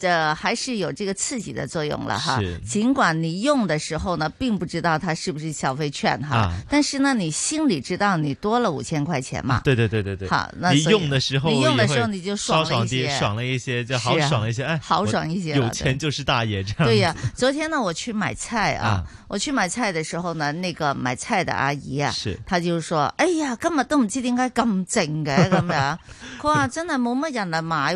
這還是有這個刺激的作用了哈。是。儘管你用的時候呢，並不知道它是不是消費券哈。啊。但是呢，你心裏知道你多了五千塊錢嘛。對對對對對。好，那所以。你用的時候，你用的時候你就爽了一些，爽了一些，就好爽一些，哎，好爽一些。有錢就是大爺這樣。對呀，昨天呢，我去買菜啊，我去買菜的時候呢，那個買菜的阿姨啊，她就說：“哎呀，根本都唔知點解咁靜嘅咁樣，哇，真的，冇乜人來買。”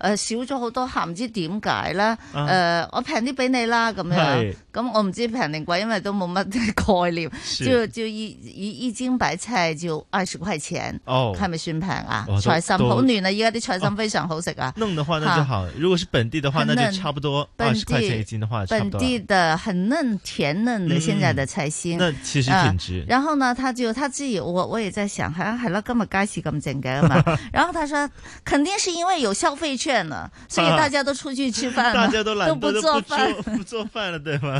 誒、呃、少咗好多客，唔知點解咧？誒、呃啊、我平啲俾你啦，咁樣。咁我唔知平定貴，因為都冇乜概念。就就一一一斤白菜就二十塊錢，哦，係咪算平啊？菜心好嫩啊！而家啲菜心非常好食啊。嫩的話，那就好。如果是本地的話，那就差不多二十塊錢一斤的話，差不多。本地本地的很嫩甜嫩的現在的菜心，那其實挺值。然後呢，他就他自己，我我也在想，係啊，係啦，咁啊，街市咁整潔嘛。然後他說，肯定是因為有消費券啦，所以大家都出去吃飯，大家都懶得不做不做飯了，對嗎？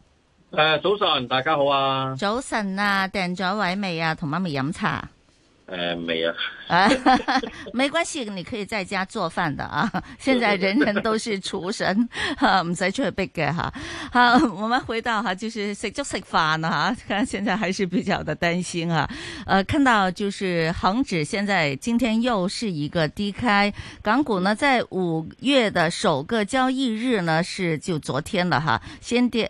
呃，早晨，大家好啊！早晨啊，訂咗位未啊？同媽咪飲茶？誒、呃，未啊！ 沒關係，你可以在家做飯的啊！現在人人都是廚神，唔使 出去逼嘅哈。好，我們回到哈，就是食足食飯呢哈，看現在還是比較的擔心啊。呃，看到就是恒指現在今天又是一個低開，港股呢在五月的首個交易日呢是就昨天了哈，先跌。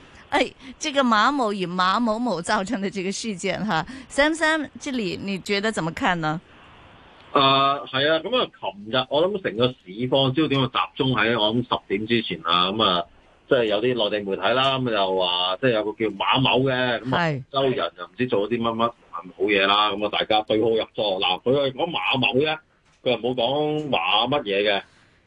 誒、哎，這個馬某與馬某某造成的這個事件，哈，Sam Sam 這裏你覺得怎麼看呢？誒、呃，係啊，咁、嗯、啊，琴日我諗成個市況焦點就集中喺我諗十點之前啊。咁、嗯、啊、嗯，即係有啲內地媒體啦咁、嗯、就話，即係有個叫馬某嘅咁啊，周、嗯、是人又唔知做咗啲乜乜唔好嘢啦，咁、嗯、啊，大家對號入座。嗱，佢又講馬某啫，佢又冇講話乜嘢嘅，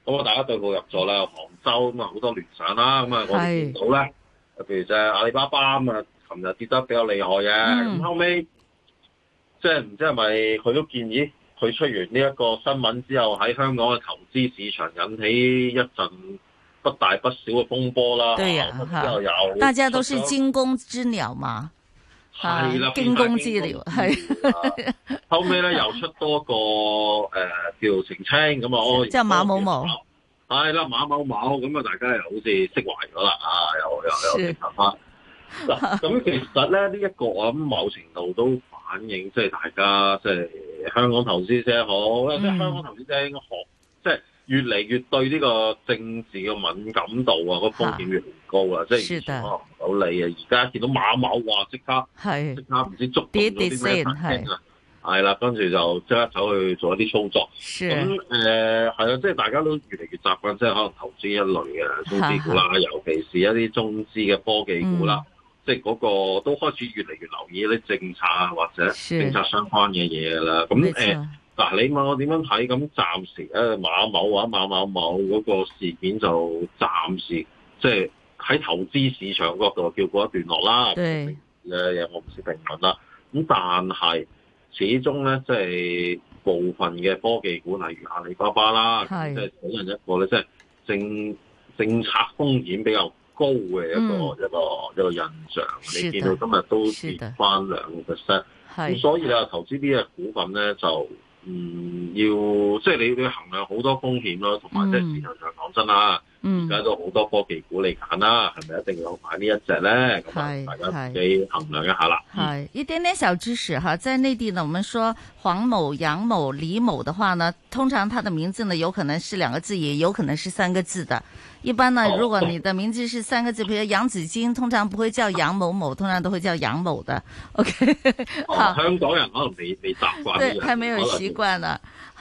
咁、嗯、啊，大家對號入座啦。杭州咁啊，好、嗯、多聯想啦，咁、嗯、啊，我見到咧。譬如就係阿里巴巴啊嘛，琴日跌得比較厲害嘅，咁、嗯、後尾，即係唔知係咪佢都建議佢出完呢一個新聞之後，喺香港嘅投資市場引起一陣不大不小嘅風波啦。對啊，嚇、啊！之後又大家都是驚弓之鳥嘛，係、啊、啦，驚弓之鳥係。後尾咧又出多個誒、 呃、叫澄清咁啊，即係馬某某。係啦，馬某某咁啊，大家又好似釋懷咗啦啊，又又又接受翻。咁是哈其實咧呢一個，我諗某程度都反映即係大家即係香港投資者好，即係香港投資者應該學，嗯、即係越嚟越對呢個政治嘅敏感度啊，個風險越嚟越高啊，哈哈即係以前哦冇理啊，而家見到馬某話即刻，即是刻唔知捉到咗啲咩陷係啦，跟住就即刻走去做一啲操作。咁誒係啊，即係大家都越嚟越習慣，即係可能投資一類嘅中資股啦，的尤其是一啲中資嘅科技股啦，嗯、即係嗰個都開始越嚟越留意一啲政策或者政策相關嘅嘢㗎啦。咁誒嗱，呃、的你問我點樣睇？咁暫時咧，馬某啊、馬某某嗰個事件就暫時即係喺投資市場嗰度叫過一段落啦。對我唔識評論啦。咁但係。始終咧，即係部分嘅科技股，例如阿里巴巴啦，即係俾人一個咧，即係政政策風險比較高嘅一個、嗯、一個一個印象。的你見到今日都跌翻兩個 percent，咁所以啊，的投資呢隻股份咧，就唔、嗯、要即係你要衡量好多風險咯，同埋即係市場上講真啦。嗯而家都好多科技股嚟揀啦，係咪一定要買呢一隻咧？咁大家自己衡量一下啦。係一點點小知識哈，在內地呢，我們說黃某、楊某、李某的話呢，通常他的名字呢，有可能是兩個字，也有可能是三個字的。一般呢，哦、如果你的名字是三個字，譬如楊子矜，通常不會叫楊某某，通常都會叫楊某的。O K，香港人可能未未習慣，哦、對，還沒有習慣呢。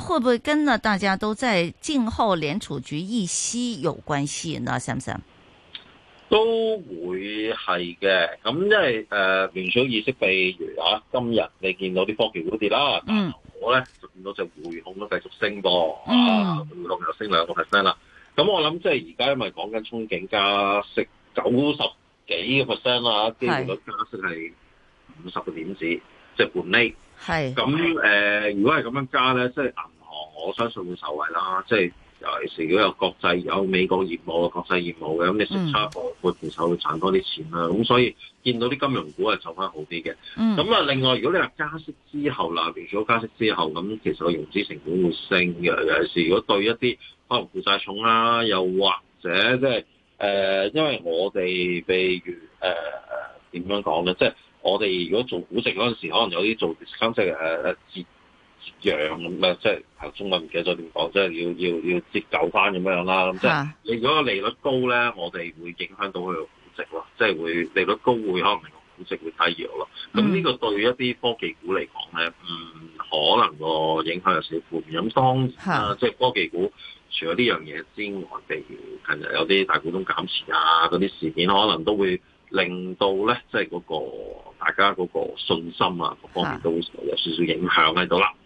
會唔會跟呢？大家都在靜候聯儲局議息有關係呢？係唔係？都會係嘅，咁因係誒，聯、呃、儲議息，譬如啊，今日你見到啲科技股跌啦，嗯，啊、我咧就見到只匯控都繼續升噃。嗯、啊，匯控又升兩個 percent 啦。咁我諗即係而家因為講緊憧憬加息九十幾個 percent 啦，啊，機會率加息係五十個點子，即係半厘。咁誒是、呃，如果係咁樣加咧，即係銀行，我相信會受惠啦。即係尤其是如果有國際有美國業務嘅國際業務嘅，咁你食差貨，佢其實會賺多啲錢啦。咁所以見到啲金融股係走翻好啲嘅。咁啊、嗯，另外如果你話加息之後啦，如果加息之後，咁其實個融資成本會升嘅。尤其是如果對一啲可能負債重啦，又或者即係誒，因為我哋譬如誒點、呃、樣講咧，即係。我哋如果做估值嗰陣時候，可能有啲做相識誒誒折折讓咁啊，即係中文我唔記得咗點講，即係要要要折舊翻咁樣啦。咁即係你的如果利率高咧，我哋會影響到佢個估值咯，即係會利率高會可能個估值會低弱咯。咁呢個對一啲科技股嚟講咧，唔、嗯、可能個影響有少少負面。咁當即係的、啊就是、科技股除咗呢樣嘢之外，譬如近日有啲大股東減持啊，嗰啲事件可能都會。令到咧，即係嗰個大家嗰個信心啊，各方面都有少少影響喺度啦。啊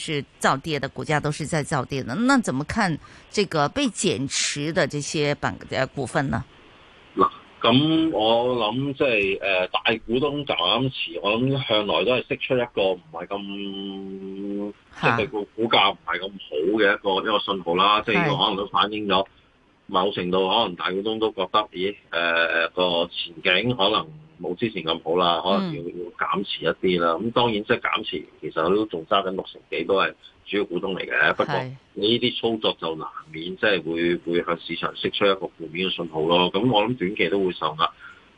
是造跌的，股價都是在造跌的。那怎麼看這個被減持的這些板股份呢？嗱，咁我諗即係誒大股東減持，我諗向來都係釋出一個唔係咁，即係個股價唔係咁好嘅一個一個信號啦。即係、啊、可能都反映咗某程度，可能大股東都覺得，咦誒個前景可能。冇之前咁好啦，可能要要減持一啲啦。咁、嗯、當然即係減持，其實都仲揸緊六成幾都係主要股東嚟嘅。是不過呢啲操作就難免即係會會向市場釋出一個負面嘅信號咯。咁我諗短期都會受壓，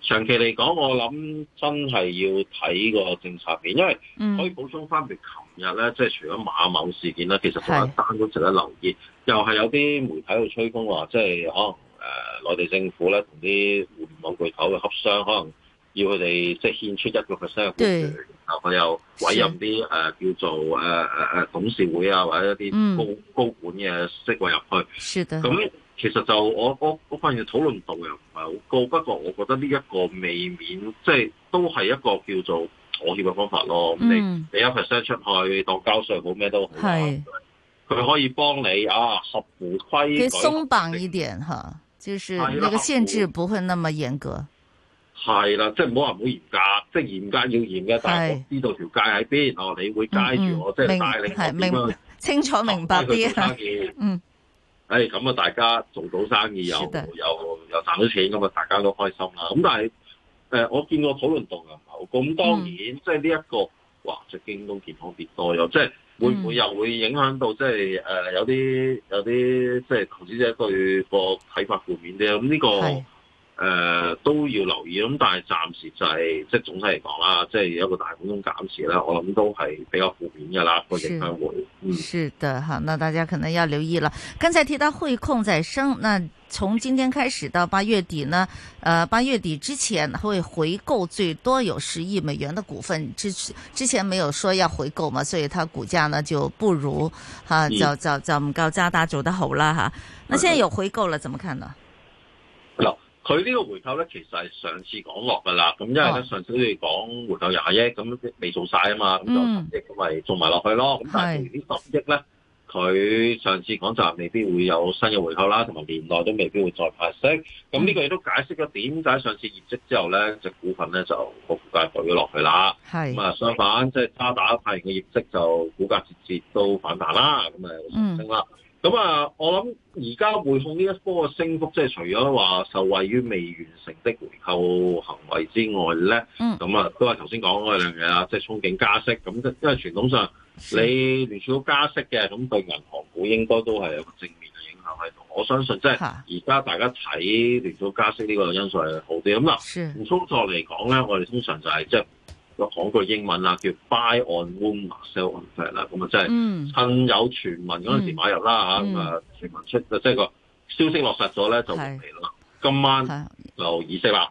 長期嚟講我諗真係要睇個政策面，因為可以補充翻。譬如琴日咧，即係除咗馬某事件呢，其實我單都值得留意，是又係有啲媒體喺度吹風話，即係可能誒、呃、內地政府咧同啲互聯網巨頭嘅洽商，可能。要佢哋即係獻出一個 percent 去，對然後佢又委任啲誒是、呃、叫做誒誒誒董事會啊，或者一啲高、嗯、高管嘅職位入去。是咁的其實就我我發現，討論度又唔係好高，不過我覺得呢一個未免即係都係一個叫做妥協嘅方法咯。嗯、你你一 percent 出去當交稅好咩都好是啊，佢可以幫你啊合乎規。可以鬆綁一點吓，就是那個限制不會那麼嚴格。係啦，即係唔好話唔好嚴格，即係嚴格要嚴嘅，但係我知道條界喺邊哦，的你會街住我，即係帶你學啊係，明清楚明白啲啦。嗯，誒的，咁啊、哎，大家做到生意又又又賺到錢，咁啊，大家都開心啦。咁的、嗯嗯、但係誒、呃，我見過討論度又唔好咁，當然、嗯、即係呢一個話，就京東健康跌多咗，嗯、即係會唔會又會影響到即係誒、呃，有啲有啲即係投資者對個睇法負面啲咁呢個。呃，都要留意咁，但係暫時就係即係總體嚟講啦，即係有一個大股東減持啦，我諗都係比較負面噶啦，個影響會。嗯、是的，哈，那大家可能要留意啦。剛才提到匯控再升，那從今天開始到八月底呢？呃，八月底之前會回購最多有十億美元的股份，之之前沒有說要回購嘛，所以它股價呢就不如叫就就就唔夠渣打做得好啦，哈，那現在有回購了，嗯、怎麼看呢？佢呢個回購咧，其實係上次講落㗎啦。咁因為咧，啊、上次都要講回購廿億，咁未做晒啊嘛，咁就十億咁咪、嗯、做埋落去咯。咁但係呢十億咧，佢是上次講就未必會有新嘅回購啦，同埋年內都未必會再派息。咁呢、嗯、個亦都解釋咗點解上次業績之後咧，隻股份咧就個股價落咗落去啦。咁啊是，相反，嗯，即係渣打派型嘅業績就股價直接都反彈啦，咁咪上升啦。咁啊，我諗而家匯控呢一波嘅升幅，即係除咗話受惠於未完成的回購行為之外咧，咁、嗯、啊都係頭先講嗰兩樣嘢啦，即、就、係、是、憧憬加息。咁因為傳統上你聯儲局加息嘅，咁是對銀行股應該都係有個正面嘅影響係。我相信即係而家大家睇聯儲加息呢個因素係好啲咁啦。從操作嚟講咧，我哋通常就係即係。就是講句英文啦，叫 Buy on rumour, sell on fact 啦，咁啊即係趁有傳聞嗰陣時買入啦吓，咁、嗯嗯、啊傳聞出即係個消息落實咗咧就唔嚟啦，今晚就議息啦。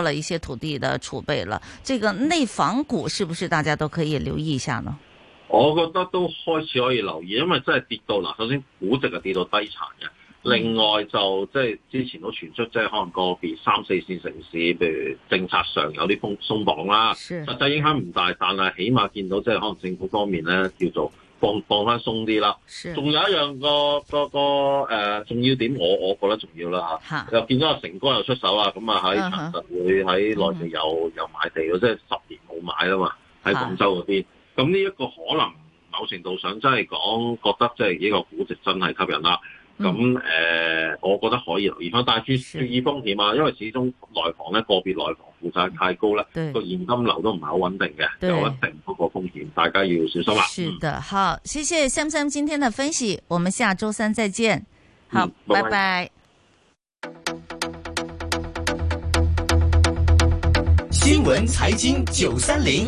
了一些土地的儲備了，這個內房股是不是大家都可以留意一下呢？我覺得都開始可以留意，因為真係跌到啦。首先估值係跌到低殘嘅，另外就即係、就是、之前都傳出即係、就是、可能個別三四線城市，譬如政策上有啲鬆鬆綁啦，實際影響唔大，但係起碼見到即係、就是、可能政府方面咧叫做。放放翻鬆啲啦，仲是有一樣個個個誒、呃、重要點，我我覺得重要啦是又見到阿成哥又出手啦，咁啊喺財政會喺內地又、uh huh. 又買地，即係十年冇買啦嘛，喺廣州嗰邊，咁呢一個可能某程度上真係講覺得即係呢個估值真係吸引啦。咁誒、嗯呃，我覺得可以留意翻，但注注意風險啊，是因為始終內房呢個別內房負債太高啦，個對現金流都唔係好穩定嘅，對有一定嗰個風險，大家要小心啊！是的，好，謝謝 Sam 今天的分析，我們下周三再見，好，嗯、bye bye 拜拜。新聞財經九三零。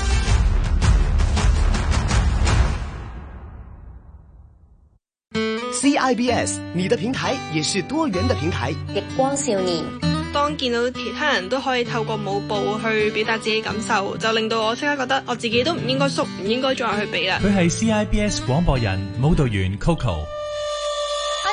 c b s 你的平台也是多元的平台。逆光少年，當見到其他人都可以透過舞步去表達自己感受，就令到我即刻覺得我自己都唔應該縮，唔應該再去比啦。佢係 CIBS 廣播人、舞蹈員 Coco。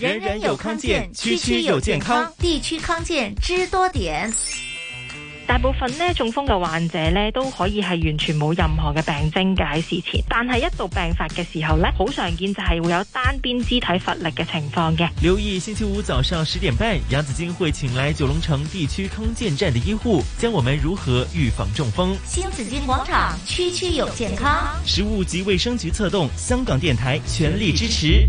人人有康健，區區有健康，區區健康地區康健知多點。大部分呢中風嘅患者呢都可以係完全冇任何嘅病徵嘅喺事前，但係一到病發嘅時候咧，好常見就係會有單邊肢體乏力嘅情況嘅。留意星期五早上十點半，楊子矜會請來九龍城地區康健站的醫護，教我們如何預防中風。新紫荊廣場區區有健康，食物及衛生局策動，香港電台全力支持。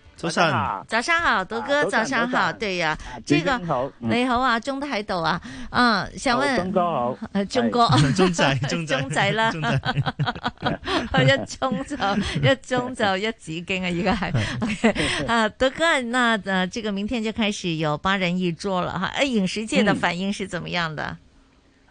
早上好，早上好，德哥，早上好，對呀，這個你好啊，鍾都喺度啊，嗯，想問鍾哥好，鍾哥鍾仔，鍾仔啦，一盅就一盅就一紙巾啊，而家係，啊，德哥，那誒，這個明天就開始有八人一桌了哈，誒，飲食界的反應是怎麼樣的？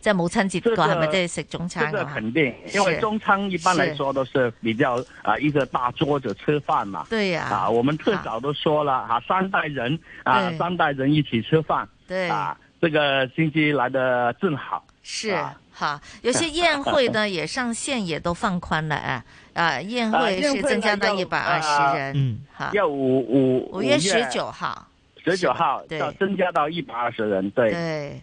在係母親節，個係咪即係食中餐？呢個肯定，因為中餐一般來說都是比較啊一個大桌子吃飯嘛。對呀，啊我們特早都說了哈，三代人啊，三代人一起吃飯。對。啊，這個星期來的正好。是。好，有些宴會呢，也上限也都放寬了誒。啊，宴會是增加到一百二十人。嗯。好。要五五五月十九號。十九號要增加到一百二十人。對。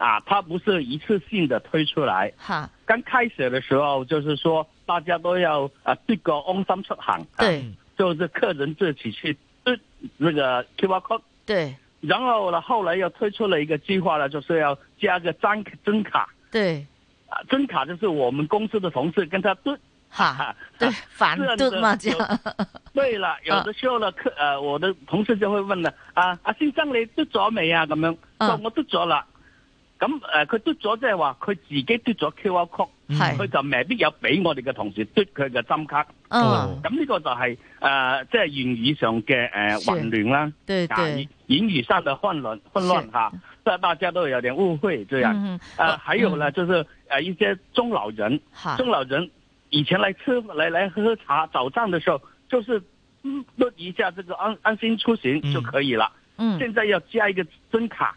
啊，它不是一次性的推出來。哈，剛開始的時候就是說，大家都要啊，這個安心出行。對，就是客人自己去對那個 QR code 對，然後呢，後來又推出了一個計劃呢，就是要加個張真卡。對，啊，真卡就是我們公司的同事跟他對。哈，對，反兌嘛，這樣。對了，有的時候呢，客呃，我的同事就會問了啊，啊先生，你兌咗未啊？咁樣，嗯，我兌咗啦。咁誒，佢嘟咗即係話，佢自己嘟咗 QR code，佢就未必有俾我哋嘅同事嘟佢嘅針卡。咁呢、oh. 個就係誒、呃，即、就、係、是、語言語上嘅誒混亂啦，演言語上嘅混亂，混亂嚇，即係大家都有點誤會。對啊，誒、mm hmm. 啊，還有咧，就是誒、呃、一些中老人， 中老人以前嚟吃嚟嚟喝茶，走上嘅時候就是嘟、嗯、一下這個安安心出行就可以了。嗯， 現在要加一個針卡。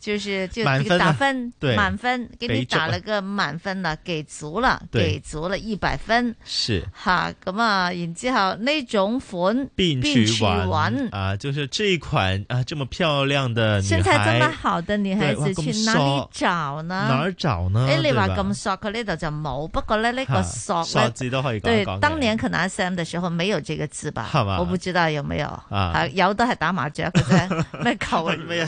就是就打分，對滿分，給你打了個滿分了，給足了，給足了一百分，是哈，咁啊，然之後呢種款並取完，啊，就是這一款啊，這麼漂亮的身材這麼好的女孩子去哪裏找呢？哪兒找呢？哎，你話咁索佢呢度就冇。不過呢，呢個索，自己都可以講，對當年去拿 Sam 的時候沒有這個字吧？係嘛？我不知道有沒有啊？有都係打麻將嘅啫，咩球？咩？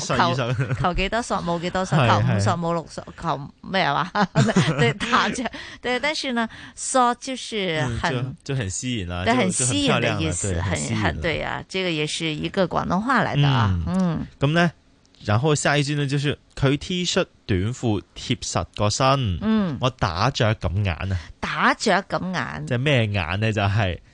求幾多索冇幾多索，求五索冇六是是 索，求咩啊？嘛是是，對打着。但但是呢， 索就是很，嗯、就係吸引啦，即係很吸引嘅意思，很對很，很，很對啊。這個也是一個廣東話嚟㗎啊。嗯，咁、嗯嗯、呢，然後下一句呢，就是佢 T 恤短褲貼實個身，嗯，我打著咁眼啊，打著咁眼，即係咩眼呢？就係。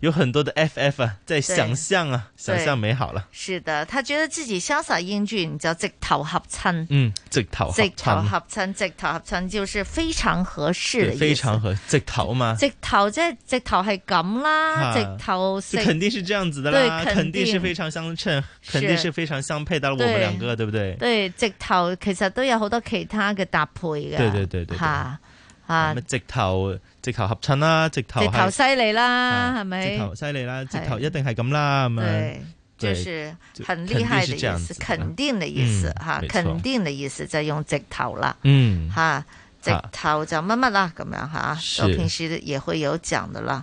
有很多的 FF 啊，在想象啊，想象美好了。是的，他覺得自己瀟灑英俊，你知道直頭合襯。嗯，直頭合襯，直頭合襯，直頭合襯就是非常合適的。非常合，直頭嘛。直頭即係直頭係咁啦，直頭。啊、直頭肯定是這樣子的啦，對肯定，肯定是非常相稱，肯定是非常相配，是。到了我們兩個，對不對？對，對，直頭其實都有好多其他嘅搭配嘅，對對對對。對對啊啊！直頭直頭合襯啦，直頭係犀利啦，係咪？直頭犀利啦，直頭一定係咁啦，咁樣。就是很厲害的意思，肯定的意思吓，肯定的意思就係用直頭啦。嗯，吓，直頭就乜乜啦，咁樣吓。我平時也會有講嘅啦。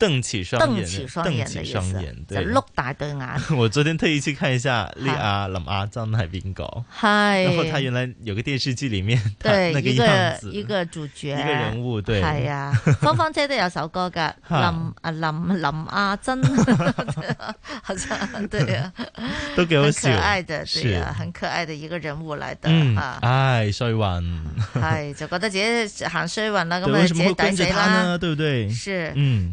瞪起雙眼，瞪起雙眼，就碌大對眼。我昨天特意去看一下林阿珍係邊個？嗨，然後他原來有個電視劇裏面，對一個一個主角，一個人物，對，係啊。芳芳姐都有首歌噶，林阿林林阿珍，好像對啊，都幾好可愛的，對啊，很可愛的一個人物來的啊。唉，衰運，係就覺得自己行衰運啦，咁麼自己抵死啦，對不對？是，嗯，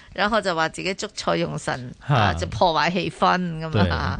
然後就話自己捉錯用神哈、啊，就破壞氣氛咁啊。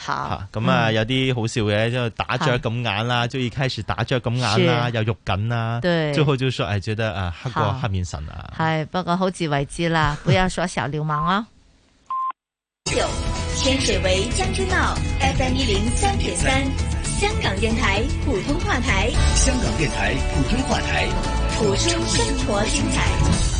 吓咁好啊！啊嗯、有啲好笑嘅，即係打雀咁眼啦，就意、是啊、是開始打雀咁眼啦、啊，是又肉緊啦、啊，對最好就說係、啊、覺得啊，黑過黑面神啊。係不過好自為之啦，不要耍小流氓啊。九 天水圍將軍澳 f m 一零三點三，3. 3, 香港電台普通話台。香港電台普通話台，普通生活精彩。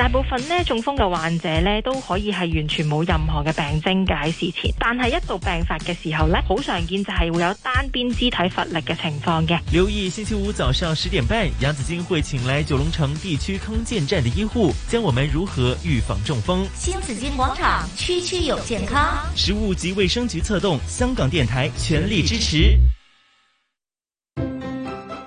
大部分呢，中風嘅患者呢，都可以係完全冇任何嘅病徵嘅喺事前，但係一到病發嘅時候咧，好常見就係會有單邊肢體乏力嘅情況嘅。留意星期五早上十點半，楊子矜會請來九龍城地區康健站嘅醫護，教我哋如何預防中風。新紫荊廣場區區有健康，食物及衛生局策動，香港電台全力支持。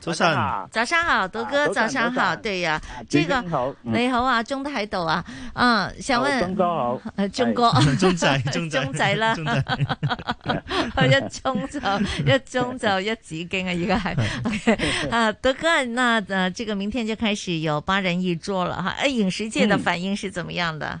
早晨，早上好，德哥，早上好，對呀，這個你好好啊，鍾都喺度啊，嗯，想問鍾哥好，鍾哥好，鍾哥，鍾仔，鍾仔啦，一鍾就一鍾就一紙經啊，而家係，啊，德哥，那呃這個明天就開始有八人一桌了哈，誒，飲食界的反應是怎麼樣的？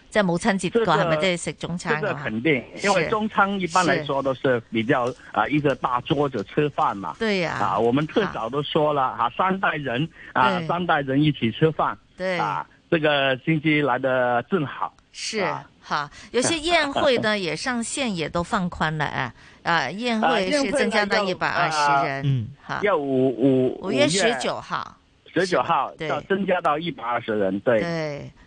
即係母親節嘅話，咪即係食中餐。這肯定，因為中餐一般來說都是比較啊一個大桌子吃飯嘛。對啊，啊，我們特早都說了，哈，三代人啊，三代人一起吃飯。對。啊，這個星期來得正好。是。哈，有些宴會呢也上限也都放寬了誒。啊，宴會是增加到一百二十人。嗯。好。要五五五月十九號。十九號要增加到一百二十人。對，對。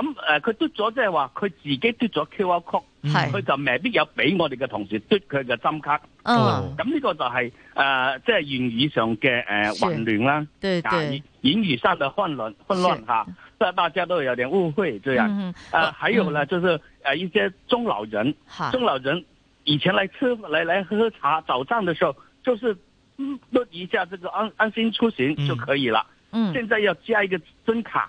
咁誒，佢嘟咗即係話佢自己嘟咗 QR Code，佢就未必有俾我哋嘅同事嘟佢嘅針卡。咁呢個就係誒，即係言語上嘅誒混亂啦。對，言語上嘅混亂，混亂下即係大家都有點誤會。這樣誒，還有咧，就係誒一些中老人，中老人以前嚟吃嚟嚟喝茶，早上嘅時候就係嘟、嗯、一下這個安安心出行就可以喇。嗯，現在要加一個針卡。